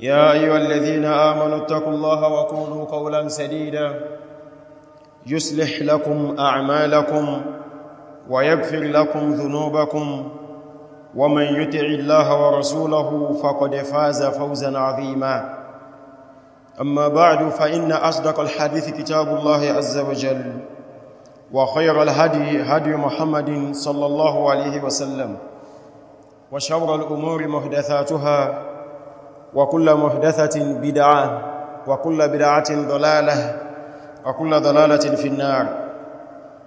يا أيها الذين آمنوا اتقوا الله وقولوا قولا سديدا يصلح لكم أعمالكم ويغفر لكم ذنوبكم ومن يطع الله ورسوله فقد فاز فوزا عظيما أما بعد فإن أصدق الحديث كتاب الله عز وجل وخير الهدي هدي محمد صلى الله عليه وسلم وشور الأمور مهدثاتها وكل محدثة بدعة وكل بدعة ضلالة وكل ضلالة في النار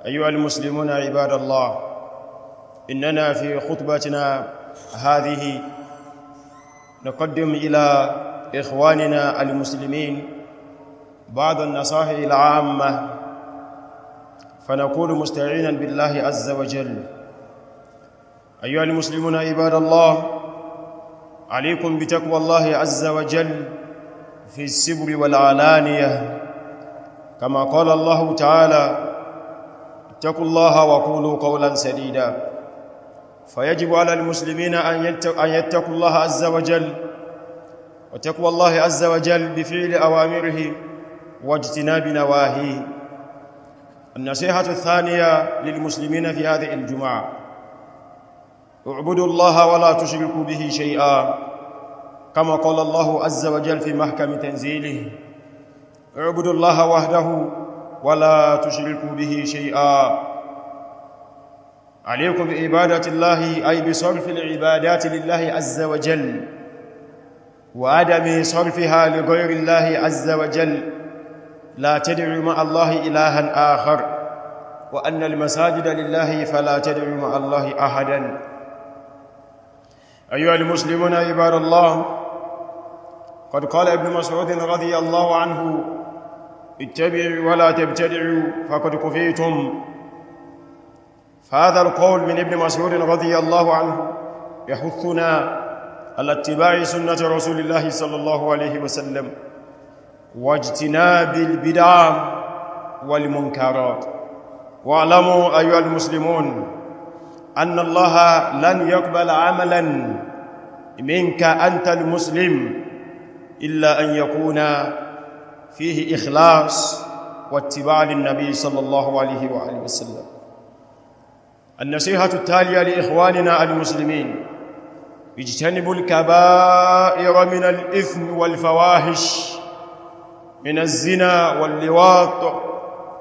أيها المسلمون عباد الله إننا في خطبتنا هذه نقدم إلى إخواننا المسلمين بعض النصائح العامة فنقول مستعينا بالله عز وجل أيها المسلمون عباد الله عليكم بتقوى الله عز وجل في السبر والعلانية كما قال الله تعالى اتقوا الله وقولوا قولا سديدا فيجب على المسلمين أن يتقوا الله عز وجل وتقوى الله عز وجل بفعل أوامره واجتناب نواهيه النصيحة الثانية للمسلمين في هذه الجمعة اعبدوا الله ولا تشركوا به شيئا كما قال الله عز وجل في محكم تنزيله اعبدوا الله وحده ولا تشركوا به شيئا عليكم بعبادة الله أي بصرف العبادات لله عز وجل وعدم صرفها لغير الله عز وجل لا تدعوا مع الله إلها آخر وأن المساجد لله فلا تدعوا مع الله أحداً أيها المسلمون عباد الله قد قال ابن مسعود رضي الله عنه اتبعوا ولا تبتدعوا فقد كفيتم فهذا القول من ابن مسعود رضي الله عنه يحثنا على اتباع سنة رسول الله صلى الله عليه وسلم واجتناب البدع والمنكرات واعلموا أيها المسلمون أن الله لن يقبل عملا منك أنت المسلم إلا أن يكون فيه إخلاص واتباع للنبي صلى الله عليه وآله وسلم النصيحة التالية لإخواننا المسلمين اجتنبوا الكبائر من الإثم والفواحش من الزنا واللواط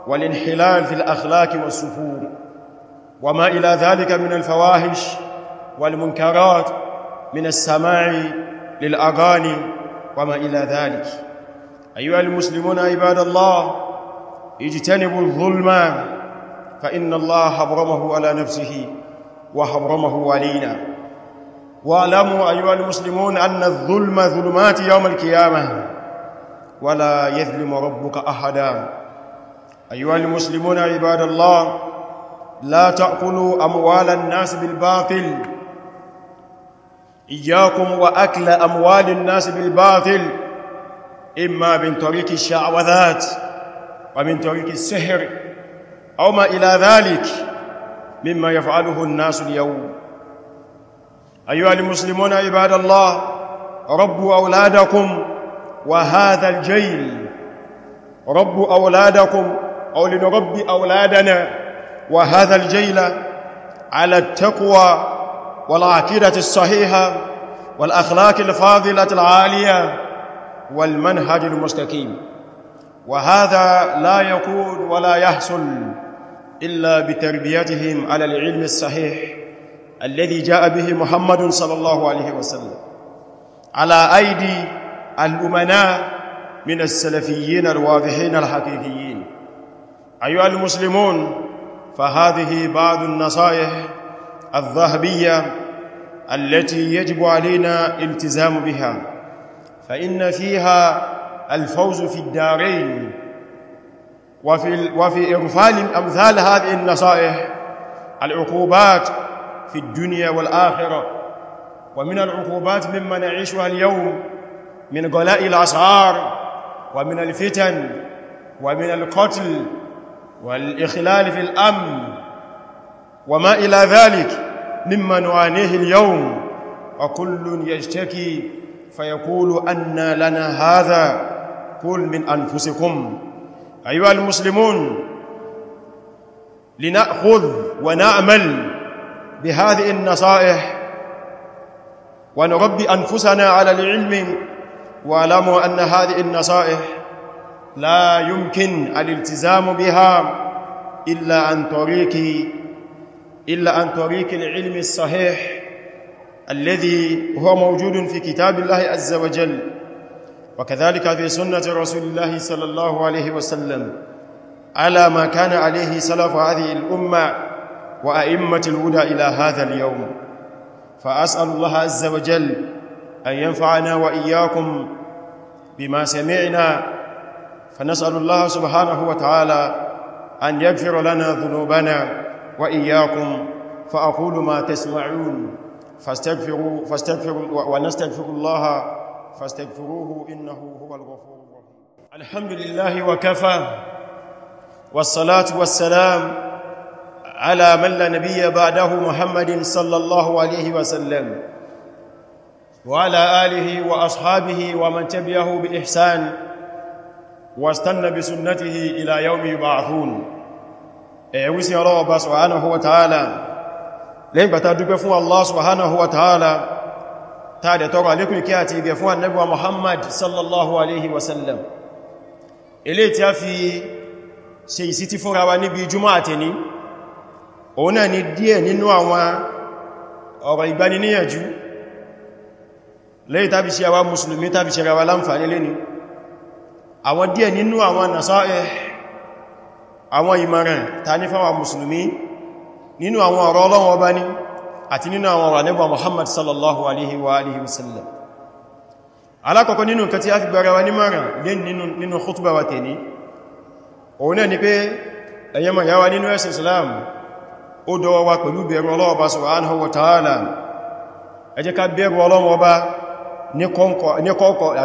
والانحلال في الأخلاق والسفور وما إلى ذلك من الفواحش والمنكرات من السماع للأغاني وما إلى ذلك أيها المسلمون عباد الله اجتنبوا الظلم فإن الله حرمه على نفسه وحرمه علينا واعلموا أيها المسلمون أن الظلم ظلمات يوم القيامة ولا يظلم ربك أحدا أيها المسلمون عباد الله لا تأكلوا أموال الناس بالباطل إياكم وأكل أموال الناس بالباطل إما من طريق الشعوذات ومن طريق السحر أو ما إلى ذلك مما يفعله الناس اليوم أيها المسلمون عباد الله ربوا أولادكم وهذا الجيل ربوا أولادكم أو لنربي أولادنا وهذا الجيل على التقوى والعقيدة الصحيحة والأخلاق الفاضلة العالية والمنهج المستقيم وهذا لا يكون ولا يحصل إلا بتربيتهم على العلم الصحيح الذي جاء به محمد صلى الله عليه وسلم على أيدي الأمناء من السلفيين الواضحين الحقيقيين أيها المسلمون فهذه بعض النصائح الذهبية التي يجب علينا التزام بها فإن فيها الفوز في الدارين وفي, وفي إغفال أمثال هذه النصائح العقوبات في الدنيا والآخرة ومن العقوبات مما نعيشها اليوم من غلاء الأسعار ومن الفتن ومن القتل والإخلال في الأمن وما إلى ذلك مما نعانيه اليوم وكل يشتكي فيقول أن لنا هذا كل من أنفسكم أيها المسلمون لنأخذ ونأمل بهذه النصائح ونربي أنفسنا على العلم واعلموا أن هذه النصائح لا يمكن الالتزام بها إلا عن طريق إلا عن طريق العلم الصحيح الذي هو موجود في كتاب الله عز وجل وكذلك في سنة رسول الله صلى الله عليه وسلم على ما كان عليه سلف هذه الأمة وأئمة الهدى إلى هذا اليوم فأسأل الله عز وجل أن ينفعنا وإياكم بما سمعنا فنسأل الله سبحانه وتعالى أن يغفر لنا ذنوبنا وإياكم فأقول ما تسمعون فاستغفروا فاستغفروا ونستغفر الله فاستغفروه إنه هو الغفور الرحيم الحمد لله وكفى والصلاة والسلام على من لا نبي بعده محمد صلى الله عليه وسلم وعلى آله وأصحابه ومن تبعه بإحسان واستنى بسنته إلى يوم يبعثون ẹ̀wísí ọlọ́wọ́ bá subhanahu wa ta'ala lẹ́yìn bàtà dúpẹ́ fún Allah subhanahu wa ta'ala ta da tọrọ alékùn kí a ti gẹ fún annabuwa Muhammad sallallahu alaihi wasallam ilé tí a fi ṣe isi ti fúnra wa níbi Juma'a àtẹni òun náà ni díẹ̀ nínú àwọn ọ̀rọ̀ ìgbaniníyànjú lẹ́yìn tàbí ṣe àwa mùsùlùmí tàbí ṣe rawa láǹfàní lénìí àwọn díẹ̀ nínú àwọn nasáẹ̀ àwọn ìmọ̀ràn ta ní fáwọn musulmi nínú àwọn ọ̀rọ̀ ọlọ́wọ́ bá ní àti nínú àwọn ọ̀rọ̀ nígbà muhammad sallallahu alaihi wa alihi wasallam alákọ̀ọ́kọ́ nínú nǹkan tí a fi gbára wa ní mara lè ni pé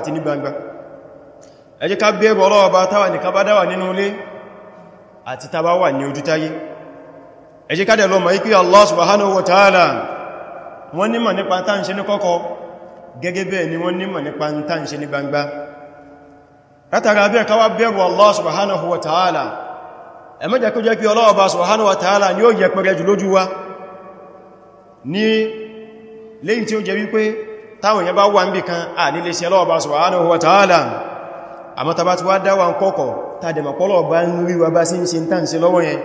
àti ní gbangba ẹ jẹ́ ká bẹ̀rù Ọlọ́run bá táwà nìkan bá dáwà nínú ilé àti tàbá wà ní ojú táyé ẹ jẹ́ ká dẹ̀ lọ mọ̀ ikú Allah subhanahu wa ta'ala wọ́n nímọ̀ nípa tán ṣe ní kọ́kọ́ gẹ́gẹ́ bẹ́ẹ̀ ni wọ́n nímọ̀ nípa tán ṣe ní gbangba látara bẹ́ẹ̀ ká wá bẹ̀rù Allah subhanahu wa lẹ́yìn tí ó jẹ́ wípé táwọn èèyàn bá wà ń bì à nílé sí Ọlọ́run bá subhanahu wa ta'ala àmọ́tàbá ti wá dáwà ń kọ́kọ̀ tàdẹ̀mà pọ́lọ̀ bá ń rí wa bá sí ń ṣe tàn sí lọ́wọ́ yẹn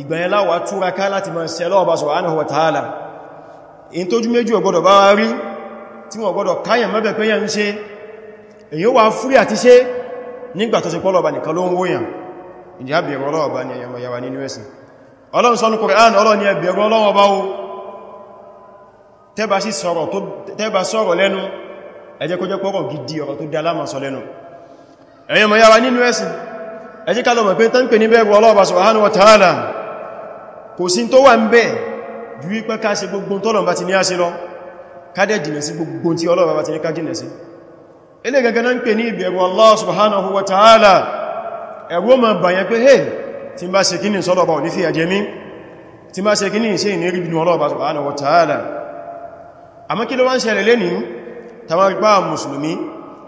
ìgbàyẹn wa ta'ala in tó jú méjì ọgbọ́dọ̀ bá rí tí wọ́n gbọ́dọ̀ káyàn mẹ́bẹ̀ pé yẹn ń ṣe èyí wà fúrí àti ṣe nígbà tó ṣe pọ́lọ̀ bá nìkan ló ń wóyàn ìdí àbẹ̀rọ ọlọ́wọ́ bá ní ẹyàn yawa nínú ẹ̀sìn ọlọ́run sọ́nù Qur'an ọlọ́run ni ẹbẹ̀rọ ọlọ́wọ́ bá o tẹ́bà sí sọ̀rọ̀ lẹ́nu ẹjẹ́ kó jẹ́ pọ́rọ̀ gidi ọ̀rọ̀ tó dá lámà sọ lẹ́nu ẹ̀yẹn mọ̀ yára nínú ẹ̀sìn ẹjí ká lọ mọ̀ pé tán pè ní bẹ̀rù ọlọ́ọ̀bà subhanahu wa ta'ala kò sí tó wà ń bẹ̀ ju wípé ká ṣe gbogbo tọ́lọ̀ bá ti ní àṣẹ lọ ká dẹ̀ jìnà sí gbogbo tí ọlọ́ọ̀bà bá ti ní ká jìnà sí ilé gẹ́gẹ́ náà ń pè ní ìbẹ̀rù Allah subhanahu wa ta'ala ẹ̀rọ ma bàyàn pé hey tí bá ṣe kíní sọ́lọ̀bà ò ní fi àjẹmí tí bá ṣe kíní ṣe ìní rí bínú ọlọ́ọ̀bà subhanahu wa ta'ala àmọ́ kí ló wá ń ṣẹlẹ̀ lẹ́ni tàwọn ipá mùsùlùmí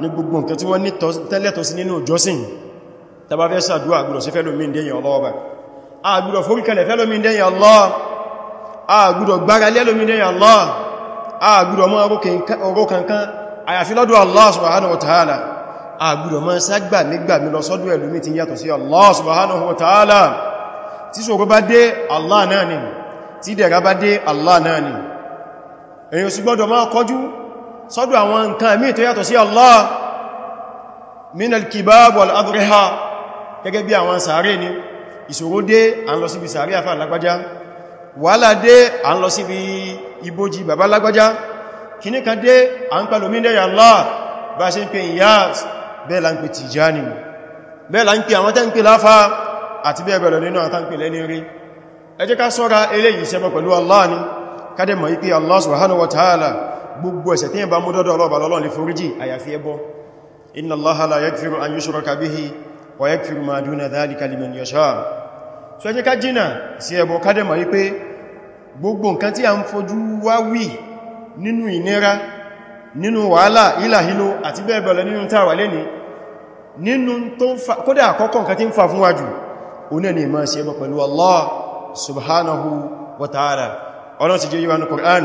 ní gbogbo nǹkan tí wọ́n ní tẹ́lẹ̀tọ́ sí nínú ìjọsìn tàbá fẹ́ sàdúwà agbúrò sí fẹ́lómi dẹ́yìn Allah ọba agbúrò foríkẹlẹ̀ fẹ́lómi dẹ́yìn Allah agbúrò gbára lẹ́lómi dẹ́yìn Allah agbúrò mọ́ ọrọ̀ kankan àyàfi lọ́dọ̀ Allah subhanahu wa ta'ala agbúrò mọ́ ságbà nígbà mi lọ sọ́dọ̀ ẹlòmí tí yàtọ̀ sí Allah subhanahu wa ta'ala tí ṣòro bá dé Allah náà ni tí dẹ̀ra bá dé Allah náà ni èyàn sì gbọ́dọ̀ máa kọjú sọ́dọ̀ àwọn nǹkan mí tó yàtọ̀ sí Allah minal kibab wal adriha gẹ́gẹ́ bí àwọn sàárè ní ìṣòro dé à ń lọ síbi sàárè àfà lágbájá wàhálà dé à ń lọ síbi ibojì bàbá lágbájá kìníkà dé à ń pẹ̀lú mídẹ̀ Allah bá ṣe ń pè Iyas bẹ́ẹ̀ la ń pè Tijani bẹ́ẹ̀ la ń pè àwọn tẹ́ ń pè láfà àti bẹ́ẹ̀ bẹ̀rẹ̀ gbogbo ẹ̀ṣẹ̀ tí yẹn bá mú dọ́dọ̀ ọlọ́ọ̀bà lọ́lọ́ lè foríjì àyàfi ẹbọ inna Allaha la yaghfiru an yushraka bihi wa yaghfiru ma duna dhalika liman yasha so ẹjẹ́ ká jìnà sí ẹbọ kádẹ̀mà wípé gbogbo jẹ́ yíwa ní Qur'an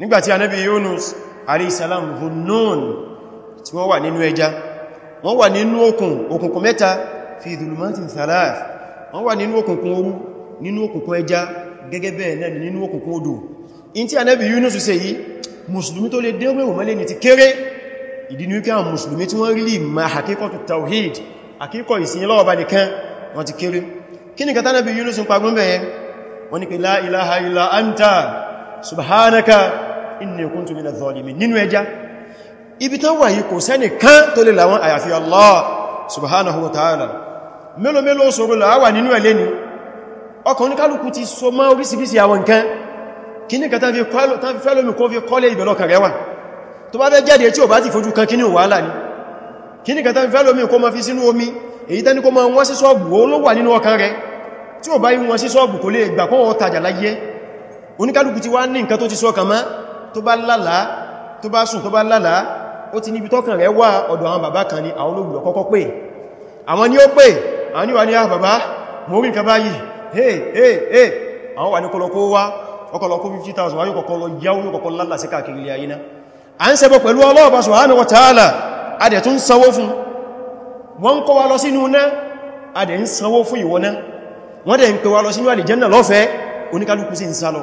nígbàtí anábi Yunus alayhisalam dhunnun tí wọ́n wà nínú ẹja wọ́n wà nínú òkun òkùnkùn mẹ́ta fi dhulumatin thalath wọ́n wà nínú òkùnkùn òru nínú òkùnkùn ẹja gẹ́gẹ́ bẹ́ẹ̀ náà nínú òkùnkùn odò in tí anábi Yunus ṣe yìí mùsùlùmí tó lè dẹ́wẹ̀wò mẹ́lẹ̀ ní ti kéré ìdínú kí àwọn mùsùlùmí tí wọ́n rí lè subhanaka inni kuntu mina zalimin nínú ẹja ibi tán wà yìí kò sẹ́nì kan tó lè làwọn àyàfi Allah subhanahu wa ta'ala mélòó mélòó ṣòro làwà nínú ẹ̀lẹ́ ni ọkàn oníkálùkù ti so mọ́ orísìírísìí àwọn nǹkan kí ní kàtà fi fẹ́lómi kó fi kọ́lé ìbẹ̀lọ́kàn rẹwà tó bá fẹ́ jáde tí ò bá ti fojú kan kí ní wàhálà ni kí ní kàtà fi fẹ́lómi kó ma fi sínú omi èyí tẹ́ni kó ma wọ́n sí sọ́ọ̀bù ó ló wà nínú ọkàn rẹ tí ò bá yí wọ́n sí sọ́ọ̀bù kò lè gbà kó wọ́n tajà láyé oníkálùkù ti wá ní nǹkan tó ti sọ́kàn máa tó bá lálàá tó bá sùn tó bá lálàá ó ti níbi tọ́kàn rẹ̀ wà ọ̀dọ̀ àwọn bàbá kan ní àwọn olóògbò kọ́kọ́ pè àwọn ni ó pè àwọn ni ní à ah, bàbá mo nǹkan báyìí hey hey hey àwọn wà ní kọlọkọ wá ọkọlọkọ 50,000 wáyé kọkọ lọ yá orí kọkọ lálà sí káàkiri ilé ayé náà a ń ṣẹbọ pẹ̀lú ọlọ́ọ̀bá subhanahu wa ta'ala adẹ̀ tún sanwó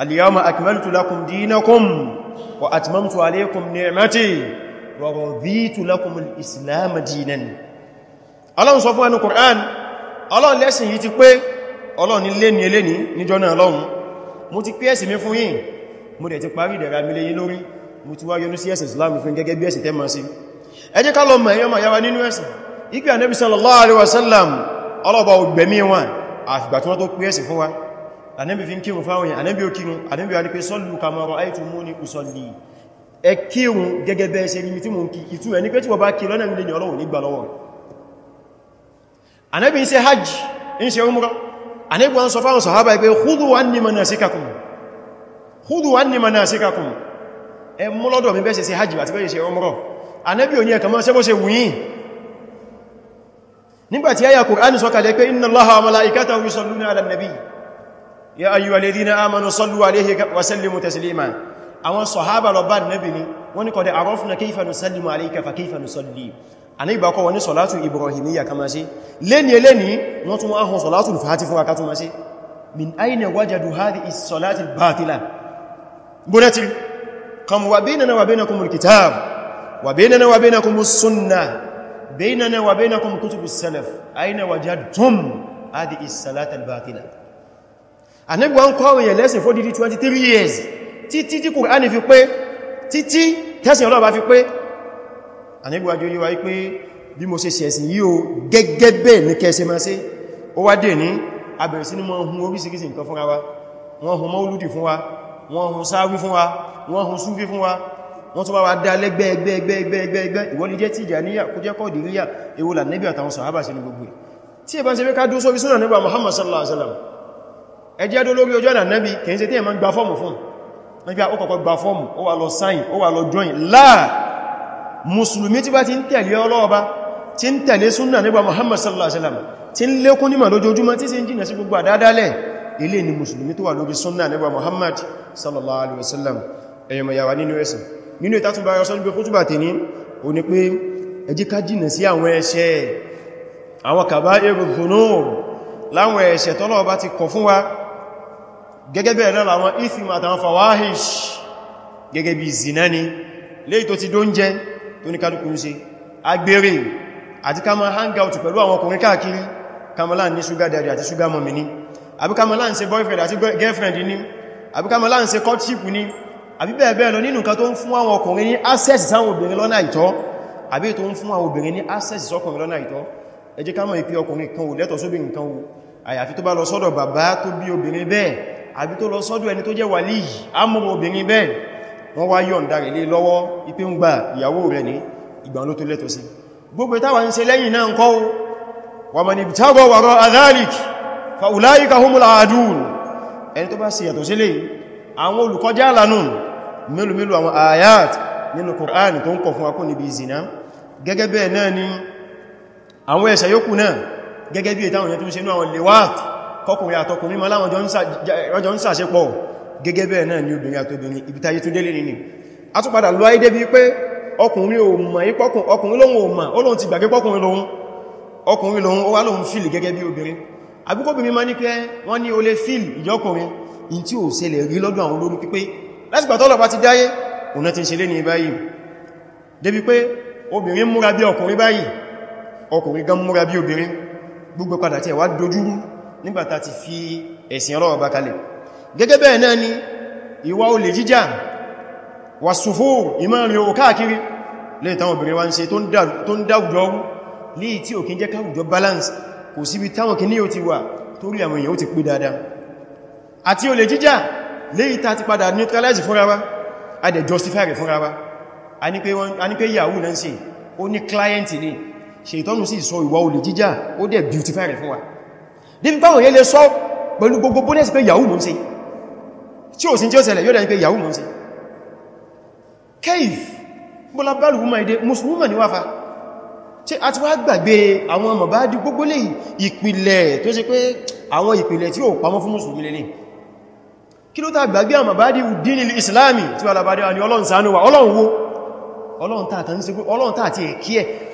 al-yawma akmaltu lakum dinakum wa atmamtu alaykum ni'mati wa raditu lakum al-islam dinan Ọlọ́run sọ fún ẹnu Qur'an Ọlọ́run lẹ́sìn yìí ti pé Ọlọ́run ni leni eleni ni jona Ọlọ́run mo ti pé ẹ̀sìn mi fún yín mo dẹ̀ ti parí de ra mi lẹ́yìn lórí mo ti wá yọ́nú sí ẹ̀sìn Islam fún gẹ́gẹ́ bí ẹ̀sìn tẹ́ ma anẹ́bì fi ń kírun fáwọn èèyàn anẹ́bì ó kírun anẹ́bì wà ní pé sọ́lù kamọ̀rọ̀ àìtù mú ní ìsọ̀lì ẹ kírun gẹ́gẹ́ bẹ́ẹ̀ ṣe rí tí mò ń kí ìtú ẹni pé tí wọ́n bá kí lọ́nà ilé ni ọlọ́wọ̀ nígbà lọ́wọ́ anẹ́bì ń ṣe hajj ń ṣe umrọ anẹ́bì wọ́n sọ fáwọn sọ̀hábà pé khudhu anni manasikakum khudhu anni manasikakum ẹ mú lọ́dọ̀ mi bẹ́ẹ̀ ṣe ṣe ní ya ayyuha alladhina amanu sallu alayhi wa sallimu taslima àwọn sahaba lọ bá nabi ni wọ́n ní qad arafna kayfa nusallimu alayka fa kayfa nusalli ani ba ko woni salatu ibrahimiyya kama ṣe leni eleni wọ́n tún wá hon salatu al-fatih fún akatun ma ṣe min ayna wajadu hadhihi as-salati al-batila bunati kam wa baynana wa baynakum al wa baynana wa baynakum as-sunnah wa baynakum kutub salaf ayna wajadtum hadhihi as-salata al-batila anẹ́gbà ń kọ́rin yẹ̀ lẹ́sìn fó dídí 23 years títí tí Kùránì fi pé títí tẹ́sìn ọlọ́ọ̀bá fi pé anẹ́gbà jẹ́ yíwa wípé bí mo ṣe ṣẹ̀sìn yí o gẹ́gẹ́ bẹ́ẹ̀ ní kẹsẹ máa ṣe ó wá dè ní abẹ̀rẹ̀ sí ní wọ́n hun oríṣiríṣi nǹkan fúnra wa wọ́n hun mọ́lúdì fún wa wọ́n hun sáwí fún wa wọ́n hun súfí fún wa wọ́n tún bá wa dá lẹ́gbẹ́ẹ̀gbẹ́ẹ̀gbẹ́ẹ̀gbẹ́ ìwọ́lì jẹ́ Tìjàníyà kó jẹ́ Kọ̀dìríyà èwo là nẹ́bí àtàwọn sàhábà sí ní gbogbo ẹ̀ tí ẹ bá ń ṣe pé ká dúó sórí súnà nẹ́bà Muhammad sallallahu alaihi wasallam ẹjẹ́ dó lórí ojú ọ̀nà nẹ́bí kìí ṣe tí ẹ̀mọ́ gba fọ́ọ̀mù fún nígbà ó kọ̀kọ́ gba fọ́ọ̀mù ó wà lọ sáyìn ó wà lọ join láà mùsùlùmí tí bá ti ń tẹ̀lé ọlọ́ọba tí ń tẹ̀lé súnnà nígbà Muhammad sallallahu alaihi wasallam tí ń lékún nímọ̀ lójoojúmọ́ tí sì ń jìnà sí gbogbo àdádálẹ̀ ilé ni mùsùlùmí tó wà lórí súnnà nígbà Muhammad sallallahu alaihi wasallam ẹ̀yọ mayawa nínú ẹ̀sìn nínú ìtàtún bá yọsọ́ níbi kútùbà tè ní o ní pé ẹ jẹ́ ká jìnà sí àwọn ẹ̀ṣẹ̀ àwọn kàbá èrò zùnú láwọn ẹ̀ṣẹ̀ tọ́lọ́ọba ti kọ̀ fún wa gẹ́gẹ́ bẹ̀rẹ̀ náà àwọn ìsìm àtàwọn fawahish gẹ́gẹ́ bí zina ni léyìí tó ti dó ń jẹ tó ní kálukú ń ṣe agbèrè àti ká máa hang pẹ̀lú àwọn ọkùnrin káàkiri kamalan ní sugar daddy àti sugar mommy ni àbí kamalan ṣe boyfriend àti girlfriend ni àbí kamalan ṣe courtship ni àbí bẹ́ẹ̀ bẹ́ẹ̀ lọ nínú nǹkan tó ń fún àwọn ọkùnrin ní access sáwọn obìnrin lọ́nà àìtọ́ àbí tó ń fún àwọn obìnrin ní access sọ́kùnrin lọ́nà àìtọ́ ẹ jẹ́ ká mọ̀ ìpí ọkùnrin kan ò lẹ́tọ̀ọ́ sóbìnrin kan ò àyàfi tó bá lọ sọ́dọ̀ bàbá tó bí obìnrin bẹ́ẹ̀ àbí tó lọ sọ́dọ̀ ẹni tó jẹ́ wàlí yìí á mọ́ obìnrin bẹ́ẹ̀ wọ́n wá yọ̀ǹda rẹ̀ lé lọ́wọ́ ipé ń gba ìyàwó rẹ̀ ní ìgbà ló tó lẹ́tọ̀ sí gbogbo táwà ń ṣe lẹ́yìn náà ń kọ́ wa man ibtagha wara'a dhalik fa ulaika humul aadun ẹni tó bá ṣe yàtọ̀ sílé àwọn olùkọjá àlànà gẹ́gẹ́ bí ìtàwọn yẹn tó ń ṣe ní àwọn lewat kọkùnrin àtọkùnrin ma láwọn jọ ń sàṣepọ̀ gẹ́gẹ́ bẹ́ẹ̀ náà ni obìnrin àtobìnrin ibi tayé tún délé nìní a tún padà lọ ayédé bí pé ọkùnrin òmà ipọ́kùn ọkùnrin lóhun òmà olóhun ti gbàgbé pọ́kùnrin lóhun ọkùnrin lóhun ó wá lóhun fíìlì gẹ́gẹ́ bí obìnrin àbíkóbìnrin ma ní pé wọ́n ní o lè fíìlì ìjọkùnrin in tí ò ṣẹlẹ̀ rí lọ́dọ̀ àwọn olórí pípé láti gbà tọ́lọ̀ bá ti dáyé òun ti ń ṣe lé ní nígbàtà ti fi ẹ̀sìn ọlọ́ọ̀bá kalẹ̀ gẹ́gẹ́ bẹ́ẹ̀ náà ni ìwà olè jíjà wà sùfò ìmọ̀rin owó káàkiri lè táwọn balance kò síbi táwọn kì ní ò ti wà torí àwọn èèyàn ó ti pé dáadáa àti olè jíjà lè ìta ti padà neutralize fúnra wa a dẹ̀ justify rẹ̀ fúnra ṣètọ́nù sí ìsọ ìwà olè jíjà ó dẹ̀ beautify rẹ̀ fún wa débi báwọn yẹn lè sọ pẹ̀lú gbogbo bónẹ́sì pé yahoo mọ́ sí tí ó sì tí ó yóò dẹ̀ pé yahoo mọ́ sí keif bọ́lá bá lùwúmà èdè musulmà ní wáfà tí a ti wá gbàgbé àwọn ọmọ bá dí gbogbo lè ìpìlẹ̀ tó ṣe pé àwọn ìpìlẹ̀ tí ó pamọ́ fún musulmi lè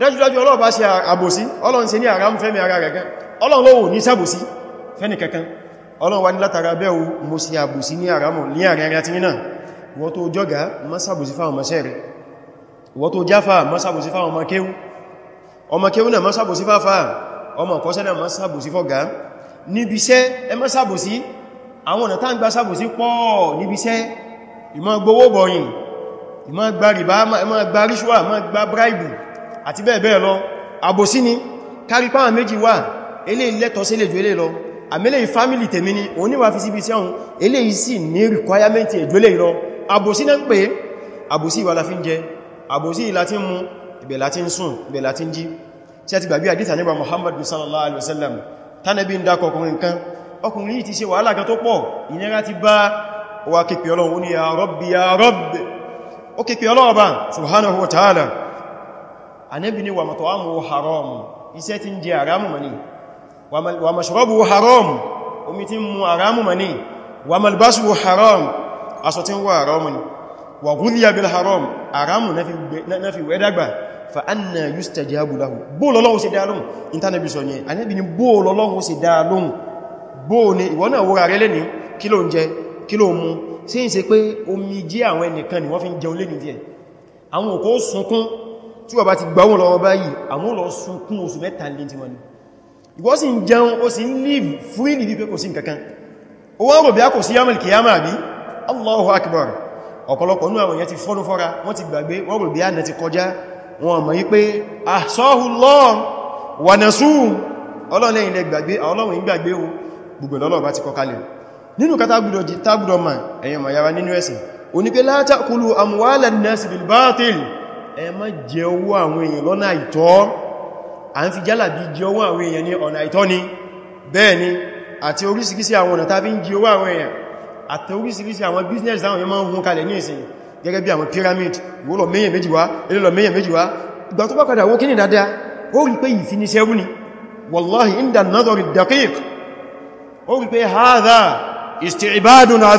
dájúdájú ọlọ́ọ̀bá ṣe àbòsí ọlọ́run ṣe ní àrá ń fẹ́mi ara rẹ̀ gan ọlọ́run lówò ní sàbòsí fẹ́ni kankan ọlọ́run wá ní látara bẹ́ o mo ṣe àbòsí ní àrá mọ̀ ní àrẹ ara ti nínà wọ́n tó jọ́gá má sàbòsí fáwọn ọmọ ṣẹ́ rẹ̀ wọ́n tó jáfà má sàbòsí fáwọn ọmọ kéwú ọmọ kéwú náà má sàbòsí fáfà ọmọ kọ́ṣẹ́ náà má sàbòsí fọ́gá níbi iṣẹ́ ẹ má sàbòsí àwọn ọ̀nà táǹgbà sàbòsí pọ̀ níbi iṣẹ́ ìmọ̀ gbowó bọ̀yìn ìmọ̀ gba rìbá ìmọ̀ gba ríṣùwà ìmọ̀ gba bíráìbù àti bẹ́ẹ̀ bẹ́ẹ̀ lọ àbòsí ni kárípáà méjì wà eléyìí lẹ́tọ̀ọ́ sí lè jù eléyìí lọ àmìlẹ̀ ìfámìlì tèmi ni òun níwà fi síbi sí ọ̀hún eléyìí sì ní requirement ẹ̀jọ́ lè lọ àbòsí náà ń pè àbòsí ìwà la fi ń jẹ àbòsí ìlà tí ń mu ibẹ̀ la ti ń sùn ibẹ̀ la ti ń jí sí àti gbàgbé àdíta nígbà Muhammad sallallahu alaihi wasallam tánàbí ń dákọ̀ ọkùnrin kan ọkùnrin yìí ti ṣe wàhálà kan tó pọ̀ ìnira ti bá wa képe Ọlọ́run ó ní ya Rabbi ya Rabbi ó képe Ọlọ́run bá subhanahu wa ta'ala Ànábì ní wa mat'amuhu haram iṣẹ́ tí ń jẹ haramu mani wa mashrabuhu haram omi tí ń mu haramu mani wa malbasuhu haram aṣọ tí ń wọ haramu ni wa ghudhiya bil haram haramu na fi wẹ́dàgbà fa anna yustajabu lahu bóòlọ́lọ́wọ́ sí dáadọ́n intanabi sọ ni Ànábì ní bóòlọ́lọ́wọ́ sí dáadọ́n bóò ni ìwọ náà wúra rẹ lẹ́ni jẹ́ àwọn ẹnìkan sunkún tí wà bá ti gbáwọn lọ báyìí àmú lọ sunkún oṣù mẹ́ta lè ti wọn ìwọ sì ń jẹun ó sì ń live freely bí pé kò sí nǹkankan ó wọ́n rò bí a kò sí yamal kiyama bí Allahu akbar ọ̀pọ̀lọpọ̀ ní àwọn èèyàn ti fọ́nú fọ́ra wọ́n ti gbàgbé wọ́n rò bí ànà ti kọjá wọn mọ̀ yí pé ahsahullah wa nasuhu ọlọ́lẹ́yìn lẹ gbàgbé ọlọ́run ẹ má jẹ owó àwọn èèyàn lọ́nà àìtọ́ à ń fi jálàbí jẹ owó àwọn èèyàn ní ọ̀nà àìtọ́ ni bẹ́ẹ̀ ni àti oríṣiríṣi àwọn ọ̀nà tàbí ń jẹ owó àwọn èèyàn àti oríṣiríṣi àwọn business àwọn èèyàn máa ń hun kalẹ̀ ní ìsìn gẹ́gẹ́ bí àwọn pyramid ìwó lọ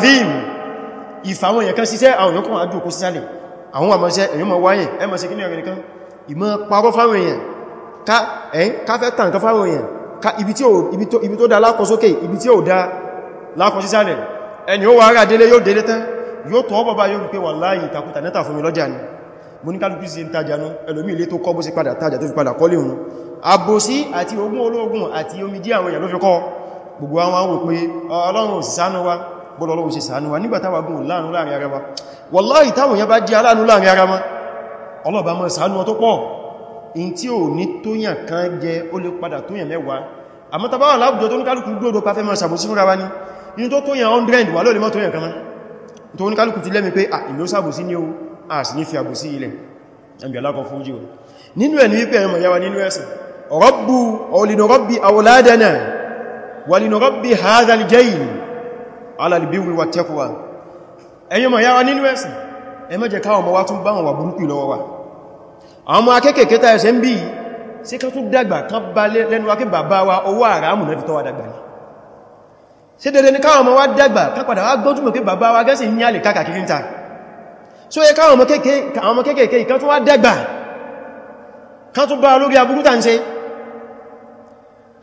mẹ́yàn ìfàwọn èèyàn kan ṣiṣẹ́ àwọn èèyàn kan àjò kó sísàlẹ̀ àwọn àmọ́ṣẹ́ èyí mọ̀ wáyìn ẹmọ̀ sí kíní ọ̀rìnkan ìmọ̀ parọ́ fáwọn èèyàn ká fẹ́ tàn ká fáwọn èèyàn ká ibi tó dá lákọ sókè ibi tí ó dá lákọ sísàlẹ̀ ẹni ó wà ara yóò délé tán yóò tọ́ bọ́bá yóò pé wàláhì ìtàkùtà nẹ́ta fún mi lọ́jà ni mo ní kálùkù sí ìtajanú ẹlòmí ilé tó kọ́ bó sí padà tajà tó fi padà kọ́lé òun àbòsí àti ogún ológun àti omijé àwọn èèyàn ló fi kọ́ gbogbo àwọn àwọn òpin ọlọ́run òsìsánú wa bọ́lọ́lọ́wọ́ sí sàánú wa nígbàtàwàgùn láàánú láàrin ara wa wallahi táwọn yẹn bá jẹ́ aláàánú láàrin ara wọn ọlọ́bàá mọ́ sàánú wọn tó pọ̀ in tí ò ní tóyàn kan jẹ ó lè padà tóyàn mẹ́wàá àmọ́ tàbáwà láwùjọ tó ní kálùkù gbóòdó pàfẹ́ mọ́ sàbòsí fúnra wa ní in tó tóyàn 100 wà lóòlè mọ́ tóyàn kan tó ní kálùkù ti lẹ́mi pé ìlú sàbòsí ní o a sì ní fi àbòsí ilẹ̀ ẹgbẹ̀ alákọ̀ fún ojú nínú ẹ̀ ní hadha al ala al-birri wat-taqwa ẹ̀yin mọ̀ yára nínú ẹ̀sìn ẹ má jẹ́ káwọn ọmọ wa tún bá wọn wà burúkú lọ́wọ́ wa àwọn ọmọ akẹ́kẹ̀ẹ́kẹ́ ta ẹ̀sẹ̀ ń bí sí ká tún dàgbà kan bá lẹ́nu wa kí bàbá wa owó àràmù náà fi tọ́wà dàgbà ní sí dédé ní káwọn ọmọ wa dàgbà ká padà wá gbọ́n túnmọ̀ pé bàbá wa gẹ́sì ní alẹ́ káàkiri ta so yẹ káwọn ọmọ kẹ́kẹ̀ẹ́kẹ́ kan tún wá dàgbà kan tún bá lórí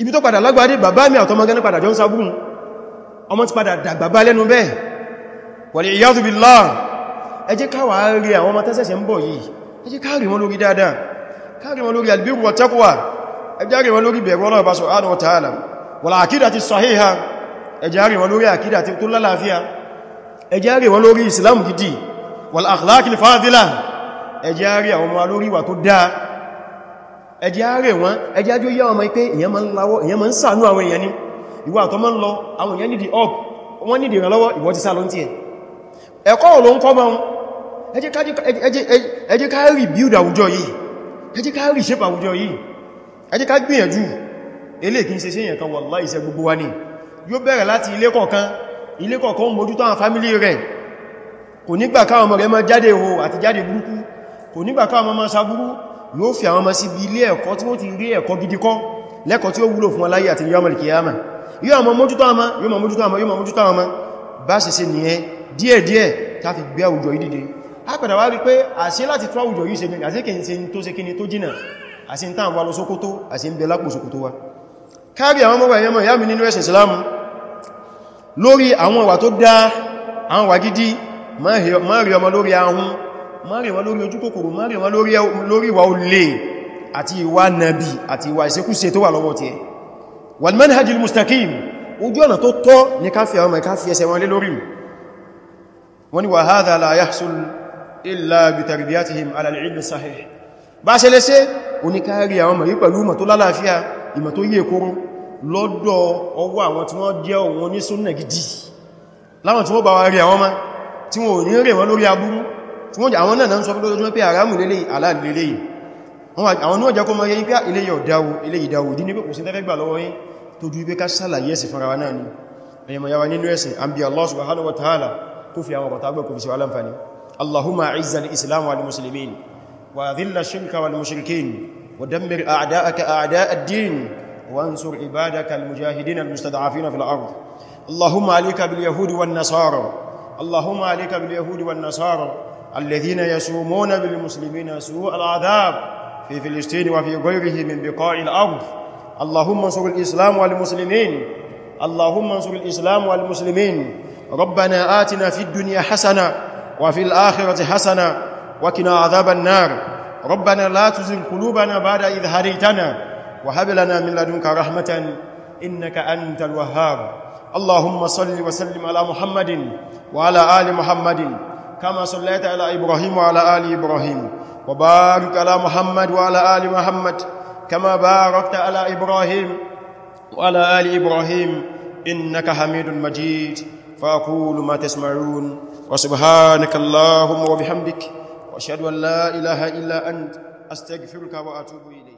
ibi tó padà lágbàdé bàbá mi àtọmọ gẹ́ni padà jọ ń saburú ọmọ ti padà dàgbàbá lẹ́nu bẹ́ẹ̀ wàlẹ̀ ìyázu billah ẹ jẹ́ ká wá rí àwọn ọmọ tẹ́sẹ̀ṣẹ̀ ń bọ̀ yìí ẹ jẹ́ ká rí wọn lórí dáadáa ká rí wọn lórí albirru wa taqwa ẹ jẹ́ rí wọn lórí bẹ̀rù Ọlọ́run Ọba subhanahu wa ta'ala wal aqidati sahiha ẹ jẹ́ rí wọn lórí àkídà tó lálàáfíà ẹ jẹ́ rí wọn lórí islam gidi wal akhlaqil ọmọ ipé ìyẹn ma ń sàánú àwọn èèyàn ni ìwà àtọ́ mọ́ ń lọ àwọn èèyàn nìdí up wọ́n nìdí ìrànlọ́wọ́ ìwọ ti sá lọ tí ẹ̀ ẹ̀kọ́ ò ló ń kọ́ mọ́ ẹ jẹ́ ká rí build àwùjọ yìí ẹ jẹ́ ká rí shape àwùjọ yìí ẹ jẹ́ ká gbìyànjú ilé kìí ṣe ṣéyàn kan wallahi iṣẹ́ gbogbo wa ni yóò bẹ̀rẹ̀ láti ilé kọ̀ọ̀kan ilé kọ̀ọ̀kan ń mójútó àwọn fámílì rẹ̀ kò nígbà káwọn ọmọ rẹ̀ mọ́ jáde ho àti jáde burúkú kò nígbà káwọn ọmọ mọ́ saburú yóò fi àwọn ọmọ sí ibi ilé ẹ̀kọ́ tí wọ́n ti rí ẹ̀kọ́ gidi kọ́ lẹ́kọ̀ọ́ tí ó wúlò fún aláyé àti yọmọlì kìyàmà yóò mọ̀ mójútó àmá yóò mọ̀ mójútó àmá yóò mọ̀ mójútó àmá bá ṣe ṣe nìyẹn díẹ̀díẹ̀ ká fi gbé àwùjọ yìí dìde a padà wá rí pé àṣẹ láti tó àwùjọ yìí ṣe ní àṣẹ kìí ṣe tó ṣe kíni tó jìnà àṣẹ ń tàn wà lọ sókótó àṣẹ ń bẹ lápò sókótó wa kárí àwọn mọ́wàá ẹ̀yẹ́mọ̀ ìyá mi nínú ẹ̀sìn Islam lórí àwọn ìwà tó dá àwọn ìwà gidi má rí ọmọ lórí ahun má rí wọn lórí ojú kòkòrò má rí wọn lórí ìwà olè àti ìwà nàbì àti ìwà ìṣekúṣe tó wà lọ́wọ́ tiẹ̀ والمنهج المستقيم وجونا توتو نكافي او ما كافي يسوان لوري وني وهذا لا يحصل الا بتربيتهم على العلم الصحيح باشلسه onikari àwọn mo yi pẹ̀lú mo tó lálàáfíà ìmọ̀ tó yẹ koro lọ́dọ̀ ọwọ́ àwọn tí wọ́n jẹ́ wọn ní sunna gidi láwọn tí wọ́n bá wa rí àwọn ma tí wọ́n ní re wọn lórí aburú tí wọ́n jẹ́ àwọn náà ń sọ pé lójoojúmọ́ pé haramu leleyi halal leleyi àwọn àwọn ni ó jẹ́ kó mọ̀ yé yín pé ah, eléyìí ó dawo eléyìí dawo di ni pé kò sí tẹ́ fẹ́ gbà lọ́wọ́ yín tó ju wípé ká sàlàyé sí fara wa náà ni ẹ̀yẹ̀mọ̀ yawa nínú ẹ̀sìn an bí Allah subhanahu wa ta'ala kó fi àwọn bàtàgbà kò fi sí wa láǹfàní Allahumma a'izzal islam wal الأرض wa adhilla shirka wal mushrikin wa dammir a'da'aka a'da' ad-din wa ansur ibadaka al-mujahidin al-mustad'afin fil ard اللهم انصر الإسلام والمسلمين اللهم انصر الإسلام والمسلمين ربنا آتنا في الدنيا حسنة وفي الآخرة حسنة وكنا عذاب النار ربنا لا تزغ قلوبنا بعد إذ هديتنا وهب لنا من لدنك رحمة إنك أنت الوهاب اللهم صل وسلم على محمد وعلى آل محمد كما صليت على إبراهيم وعلى آل إبراهيم وبارك على محمد وعلى آل محمد كما باركت على إبراهيم وعلى آل إبراهيم إنك حميد مجيد فأقول ما تسمعون وسبحانك اللهم وبحمدك وأشهد أن لا إله إلا أنت أستغفرك وأتوب إليك